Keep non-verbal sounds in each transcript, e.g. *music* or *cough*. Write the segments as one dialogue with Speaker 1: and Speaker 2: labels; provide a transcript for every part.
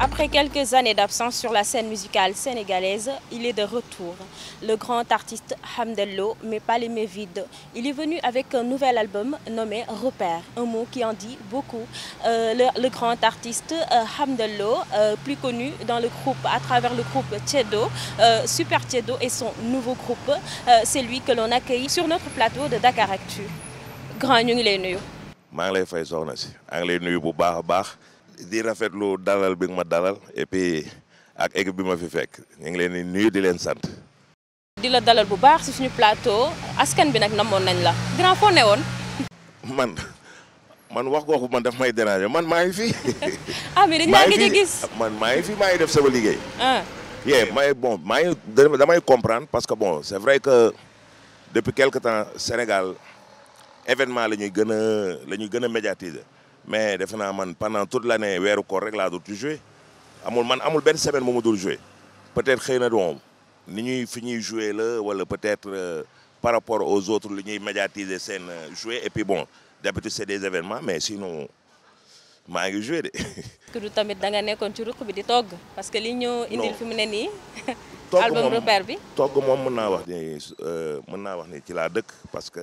Speaker 1: Après quelques années d'absence sur la scène musicale sénégalaise, il est de retour. Le grand artiste Hamdello, met pas les mains vides. Il est venu avec un nouvel album nommé Repère, un mot qui en dit beaucoup. Euh, le, grand artiste euh, Hamdello, euh, plus connu dans le groupe, à travers le groupe Tiedo, Super Tiedo et son nouveau groupe, c'est lui que l'on accueille sur notre plateau de Dakar Actu grand ñu ngi lay nuyu.
Speaker 2: maa ngi lay fay soxna si maa ngi lay nuyu bu baax baax. di rafetlu dalal bi nga ma dalal et puis ak équipe bi ma fi fekk ñu ngi leen nuyu di leen sant.
Speaker 1: di la dalal bu baax si suñu plateau askan bi nag namoon nañ la grand fo ne woon.
Speaker 2: man man wax googu man daf may déranger man maa ngi fi.
Speaker 1: *laughs* ah mais dañ laa gëj a gis
Speaker 2: man maa ngi fi maa ngi def sama liggéey. ah yeah may bon may ngi damay comprendre parce que bon c'est vrai que depuis quelque temps Sénégal événement lañuy gëna lañuy gëna médiatiser mais defe man pendant toute l'année wéru ko rek la do tu jouer amul man amul ben semaine momu dul peut être xeyna do doom ni ñuy fi ñuy joué la wala peut être euh, par rapport aux autres li ñuy médiatiser seen euh, jouer et puis bon d'habitude c'est des événements mais sinon maa ngi joué de.
Speaker 1: que *laughs* tamit da nga nekkoon ci ruq bi di togg. parce que li ñu indil fi mu ne nii. *laughs* album repère bi
Speaker 2: togg mom mëna wax ni euh mëna wax ni ci la dëkk parce que.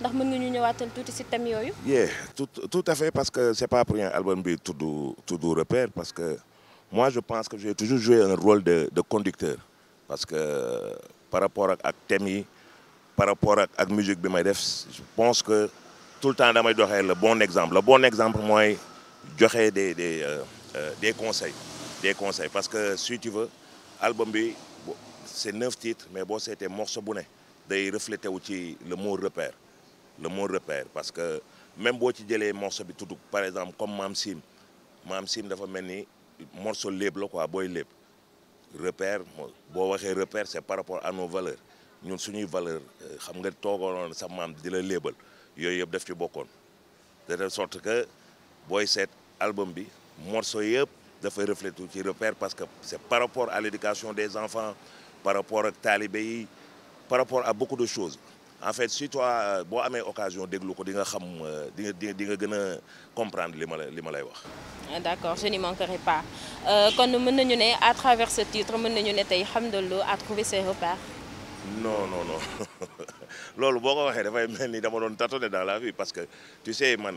Speaker 1: ndax
Speaker 2: tout à fait parce que ce n'est pas pour album bi Tout doux repère parce que moi je pense que j'ai toujours joué un rôle de conducteur parce que euh, par rapport à ak par rapport à la musique je pense que tout le temps vais donner le bon exemple le bon exemple moi.. moi, des des euh, euh, des conseils des conseils parce que si tu veux album c'est neuf titres mais bon c'était morceau bonnet..! de day aussi le mot repère le mot repère parce que même si ci jëlee morceau bi par exemple comme Mamsim Mamsim Mam Sim dafa morceau libre, quoi boy libre repère repère c'est par rapport à nos valeurs Nous suñuy valeurs valeurs. nga toogoonoon sa valeurs. Nous la léebal valeurs. daf ci de sorte que boy, cet album bi morceau yëpp dafay refléter tout ci repère parce que c'est par rapport à l'éducation des enfants par rapport à talibé, par rapport à beaucoup de choses en fait si toi euh, boo une occasion de euh, comprendre les
Speaker 1: ah, d'accord je n'y manquerai pas Quand euh, à travers ce titre nous trouvé ses repères.
Speaker 2: non non non *laughs* dans la vie parce que tu sais man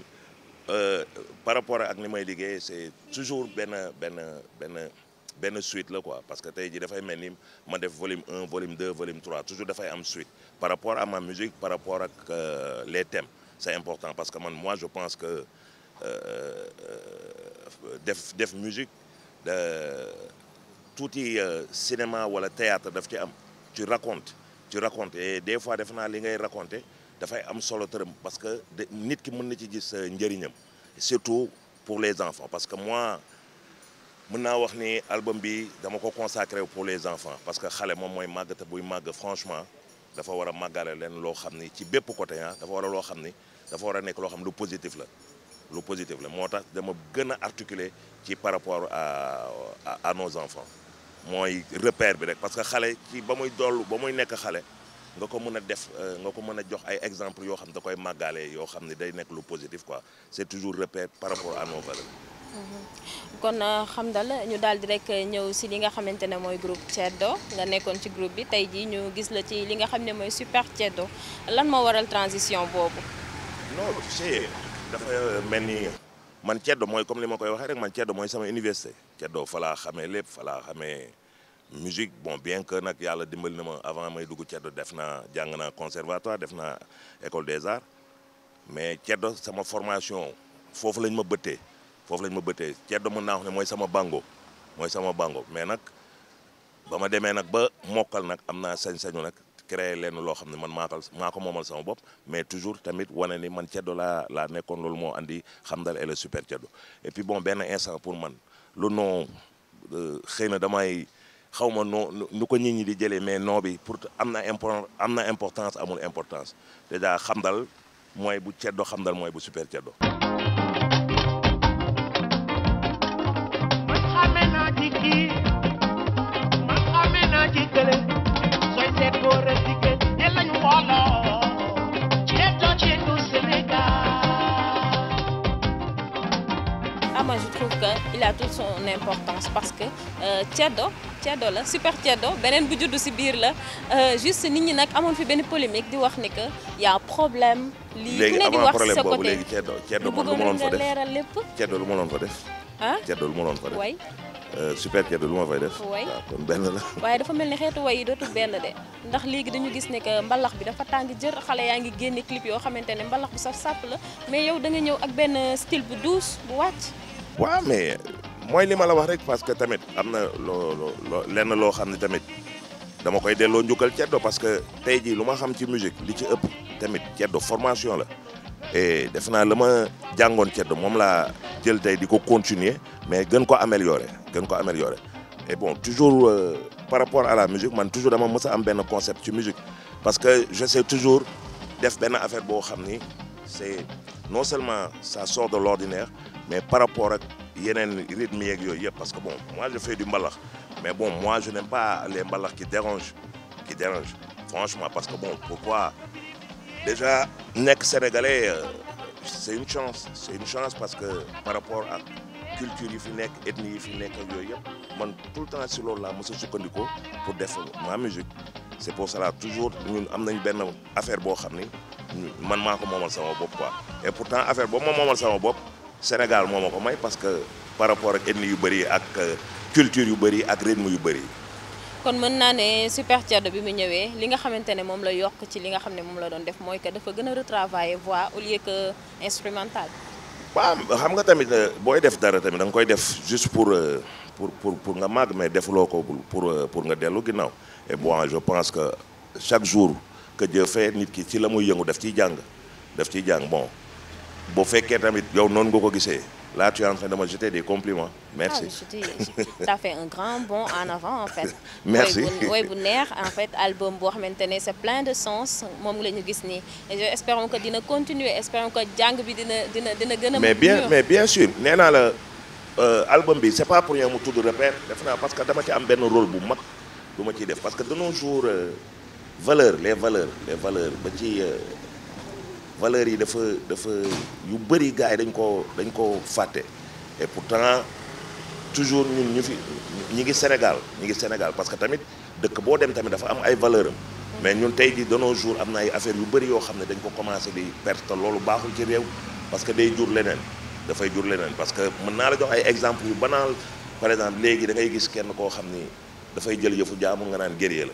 Speaker 2: par rapport à que que c'est toujours une suite quoi parce que tu as volume 1 volume 2 volume 3 toujours faire suite par rapport à ma musique, par rapport à euh, les thèmes. C'est important parce que moi, je pense que euh, euh def, def musique, de, euh, tout est cinéma ou le théâtre, tu racontes. Tu racontes. Et des fois, def na li ngay raconter, dafay am solo teureum parce que nit ki mën na ci gis njëriñam. Surtout pour les enfants parce que moi je naa wax ni album bi dama ko consacré pour les enfants parce que xale moom mooy màgg te franchement dafa war a màggale leen loo xam ci bép côté hein dafa war a loo xam ni dafa wara nek lo xam lu positif la lu positif la moo tax dama gëna articuler ci par rapport à à nos enfants moy repère bi rek parce que xalé ci ba muy dollu ba muy nekk xale nga ko mëna def euh, nga ko mëna jox ay exemple yo xam da koy magalé yo xam day nek lu positif quoi c'est toujours repère par rapport à nos valeurs
Speaker 1: kon euh, xam dal ñu daal di rek ñew ci li nga xamantene moy groupe Ceddo nga nekkon ci groupe bi tay ji ñu gis la ci li nga xam moy super Ceddo lan mo waral transition bobu
Speaker 2: non c'est dafa euh, mel ni man Ceddo moy comme li ma koy waxee rek man Ceddo moy sama université Ceddo fala xamé lepp fala xamé musique bon bien que nak yalla dimbali na ma avant may dugg Ceddo defna jang na conservatoire defna école des arts mais Ceddo sama formation fofu lañ ma bëttee lañ ma bëttee mën naa wax ne mooy sama bango mooy sama bango mais ba ma ba sañ-sañu créer man sama mais toujours tamit wane ni man ceddo laa la nekkoon loolu moo andi xamdal le super et puis bon benn instant pour man ma ñi di mais bi pour am importance amul importance bu bu super ceddo
Speaker 1: moi je trouve qu'il a toute son importance parce que euh, tiado la super tiado Benen bu juddu ci biir la euh, juste nit ñi nag amoon fi benn polémique di wax ni que y a problème. lii ku ne di wax ci sa côté léegi
Speaker 2: ceddo tiado le lu ma doon fa def leeral lépp. ceddo lu def. Ah? Euh, super tiado le ma fay def. way waaw kon benn la.
Speaker 1: *laughs* waaye dafa mel ni xeetu way yi benn de ndax léegi dañu gis ne que mbalax bi dafa tàng jeur xalé yaa ngi clip yo xamanténi mbalax bu saf sap la mais yow da nga ñëw ak ben style bu douce bu wàcc
Speaker 2: waaw mais moi il est wax rek parce que tamit amna na lo loo lenn loo xam tamit dama koy delloo njukkal ceddo parce que tey jii lu xam ci musique li ci ëpp tamit ceddo formation la et def naa la ma jàngoon la moom jël tay diko continuer mais gën ko améliorer gën ko améliorer et bon toujours euh, par rapport à la musique man toujours dama mës am ben concept ci musique parce que j'essaie toujours def ben affaire bo xamni c'est non seulement ça sort de l'ordinaire mais par rapport a yenen rythme qui yooyu parce que bon moi je fais du mbalax mais bon moi je n'aime pas les mbalax qui dérangent qui dérangent franchement parce que bon pourquoi déjà nek sénégalais euh, c'est une chance c'est une chance parce que par rapport à culture yi fi nek ethnie yi fi tout le temps sur loolu là mos pour défendre ma musique c'est pour cela toujours ñun avons une affaire bo xamni man mako momal sama bop quoi et pourtant affaire bo ma moomal sama va Senegal moo ma ko may parce que par rapport ak ethnie yu bari ak euh, culture yu bari ak
Speaker 1: rythme yu bari kon meun na né Super tiad bi mu ñëwé li nga xamantene mom la yok ci li nga xamné mom la doon def moy que dafa gëna retravailler voix au lieu que instrumental.
Speaker 2: ba xam nga tamit euh, boy def dara tamit dang koy def juste pour euh, pour pour pour nga mag mais def loko pour pour nga delu ginnaw et bon je pense que chaque jour que Dieu fait nit ki ci lamuy yëngu def ci jang def ci jang bon. bu fait tamit yow noonu nga ko gisee là tu es en train de me jeter des compliments merci. ah
Speaker 1: tu as fait un grand bond en avant en fait. *laughs* merci woy bu neex en fait album boo maintenant c'est plein de sens moom la ñu gis et que dina continuer J'espère que jàng bi dina dina dina mais bien mais
Speaker 2: bien sûr nee naa euh, album bi c'est pas pour rien mu tudd repère def parce que dama ci am benn rôle bu mag du ma def parce que de nos jours euh, valeur les valeurs les valeurs ba ci. Euh, valeur yi dafa dafa yu bari gars dañ ko dañ ko faté et pourtant toujours ñun ñu fi ñi ngi Sénégal ñi ngi Sénégal parce que tamit dëkk boo dem tamit dafa am ay valeur mais ñun tey di de nos jours am na ay affaire yu bari yoo xam ne dañ ko commencé di perte loolu baaxul ci réew parce que day jur leneen dafay jur leneen parce que mën naa la jox ay exemple yu banal par exemple léegi da ngay gis kenn koo xam ni dafay jël yëfu jaamu nga naan guerrier la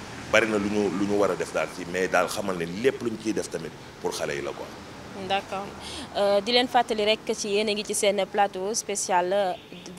Speaker 2: bari na luñu luñu wara def dal ci mais dal xamal ne lepp luñ ci def tamit pour xalé yi la quoi.
Speaker 1: d'accord euh di len fatali rek ci yene ngi ci sen plateau spécial.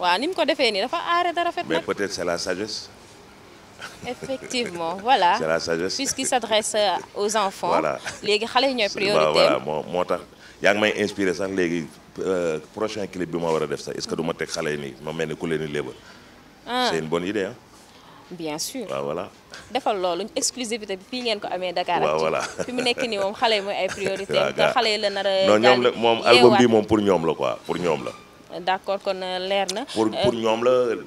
Speaker 1: waaw ni ko defee nii dafa aare dara rafet mais
Speaker 2: peut-être c'est la sagesse.
Speaker 1: effectivement voilà *laughs* c'est
Speaker 2: la sagesse puisqu'il
Speaker 1: s'adresse euh, aux enfants. voilà léegi xale yi ñooy *laughs* priorité voilà
Speaker 2: moo moo tax yaa ngi may inspiré sax léegi euh, prochain clip bi ma war a def sax est-ce que du ma teg xale yi nii ma mel ni ku leen di lébal. Ah. c'est une bonne idée ah.
Speaker 1: bien sûr waaw voilà. defal loolu exclusivité bi fii ngeen ko amee Dakar. waaw voilà fi mu nekk nii moom xale yi mooy ay *laughs* priorité. waaw te xale yi la nar non ñoom la moom album bi moom
Speaker 2: pour ñoom la quoi pour ñoom la
Speaker 1: d'accord qu'on euh, pour euh, pour
Speaker 2: nous, la euh,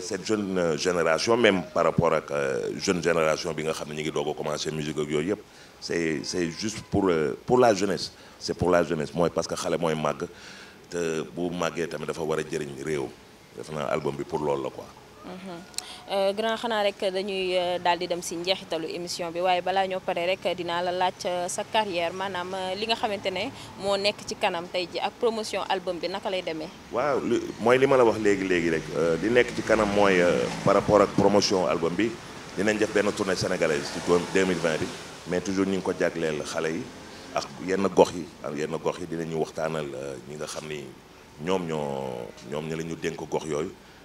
Speaker 2: cette jeune génération même par rapport à la jeune génération qui a commencé musique ak de c'est c'est juste pour pour la jeunesse c'est pour la jeunesse Moi, parce que moi suis un te bu je tamit dafa je a faire réew def album bi pour loolu quoi.
Speaker 1: Euh, grand xanaa rek dañuy euh, daal di dem si njeexitalu émission bi waaye balaa ñoo pare rek dinaa la laaj euh, sa carrière maanaam li nga xamante ne moo nekk ci kanam tey ji ak promotion album bi naka lay demee.
Speaker 2: waaw mooy li ma la wax léegi léegi rek li nekk ci kanam mooy par rapport ak promotion album bi dinañ def benn tournée sénégalaise ci 2020 bi mais toujours ñu ngi ko jagleel xale yi ak yenn gox yi ak yenn gox yi dinañu waxtaanal ñi nga xam ni ñoom ñoo ñoom ña la ñu dénk gox yooyu.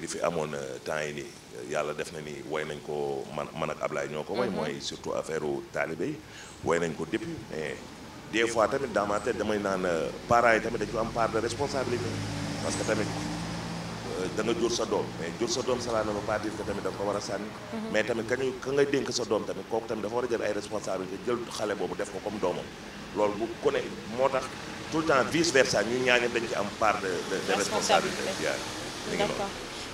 Speaker 2: li fi amoon euh, temps yi nii yàlla def na ni way nañ ko man man ak Ablaye ñoo ko way mm-hmm. mooy surtout affaire u taalibe yi nañ ko depuis mais des fois tamit dans ma tête damay naan euh, parents yi tamit dañ am part de parce que tamit euh, da nga jur sa doom mais jur sa doom cela ne veut pas dire tamit da ko war a sànni mm-hmm. mais tamit kañu ka ngay dénk sa doom tamit kooku tamit dafa war a jël ay responsabilité jël xale boobu def ko comme doomam loolu bu ku ne moo tax tout le temps vice versa ñu ñaañu dañ ci am part de de responsabilité d'accord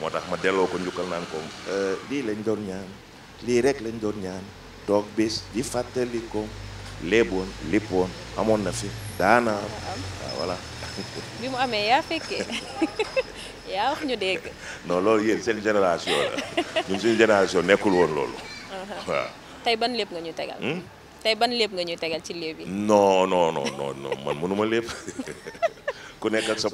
Speaker 2: moo tax ma delloo ko njukkal naan ko euh, lii lañ doon ñaan lii rek lañ doon ñaan toog bis di fàttali ko léeboon lippoon amoon na fi daana waaw voilà
Speaker 1: bi mu amee yaa fekkee *laughs* yaa wax ñu dégg
Speaker 2: non loolu yéen seen génération la ñun suñu génération nekkul woon loolu
Speaker 1: uh-huh. waaw tey ban lépp nga ñu tegal hmm? tey ban lépp nga ñu tegal ci léeb bi
Speaker 2: non non non non man mënuma lépp *laughs* ku nekk ak sa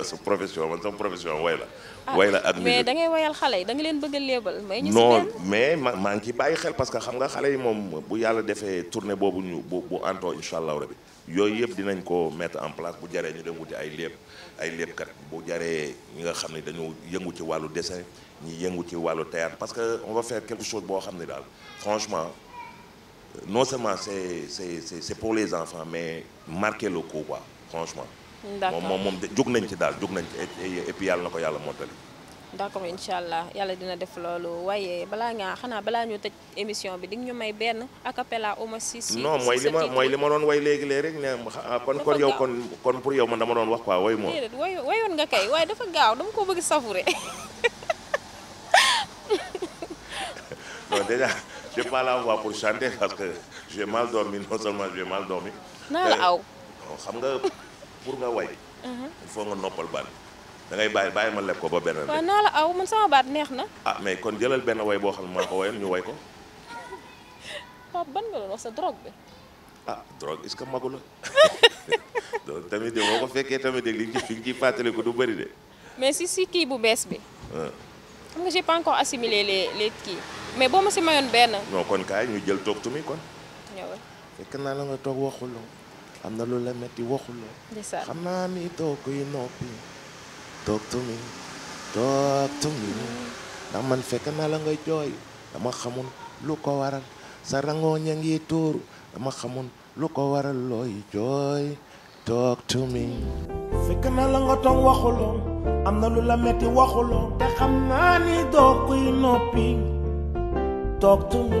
Speaker 2: sa profession man sama profession way la.
Speaker 1: Ah, way la mais da ngay wayal xale yi da nga leen bëgg may ñu non
Speaker 2: mais ma maa ngi ciy xel parce que xam nga xale yi moom bu yàlla defee tourner boobu ñu bu bu antoo incha allah rabi yooyu yëpp dinañ ko mettre en place bu jaree ñu dem wuti ay léeb ay léebkat bu jaré ñi nga xam dañu yëngu ci walu dessin ñi yëngu ci walu théâtre parce que on va faire quelque chose bo xam dal franchement non seulement c'est c'est c'est pour les enfants mais marquer le coup quoi franchement moom moom de jóg nañ ci daal jóg nañ ci et puis yàlla na ko yàlla mottali
Speaker 1: d'accord incha allah yàlla dina def loolu waaye balaa ngaa xanaa balaa ñu tëj émission bi di ñu may benn a cappella au moins si non mooy ma mooy li
Speaker 2: ma doon way léegi léegi rek ne ah, kon kon yow kon kon pour yow man dama doon wax quoi way moom
Speaker 1: déedéet way wayoon nga kay waaye dafa gaaw dama ko bëgg savouré
Speaker 2: *laughs* non déjà j'ai pas la pour chanter parce que j'ai mal dormi non seulement j'ai mal dormi naa la aw pour nga way mhm. il faut nga noppal baat da ngay bàyyi ma leb ko ba benn waaw
Speaker 1: naa la aw man sama baat neex na
Speaker 2: ah mais kon jëlal benn woy boo xam ne ko wayoon ñu way ko
Speaker 1: *laughs* Pape ban nga doon wax sa drogue bi
Speaker 2: ah drogue est-ce que magu la *laughs* donc tamit de boo ko fekkee tamit de li nga fi nga fàttaliku du bëri de
Speaker 1: mais si si kii bu bees bi ah. xam nga j'ai pas encore assimilé kii mais boo ma si mayoon benn
Speaker 2: non kon kaay ñu jël toog tumi kon ñëwal naa la nga toog waxuloo am na lu la metti waxuloo xam naa ni toog kuy noppi toog tumi toog tumi ndax man fekk na la nga jooy dama xamul lu ko waral sa rangoo ña ngi tuuru dama xamul lu ko waral looy jooy toog tumi fekk na la nga toog waxuloo am na lu la metti waxuloo te xam naa ni doo kuy noppi toog tumi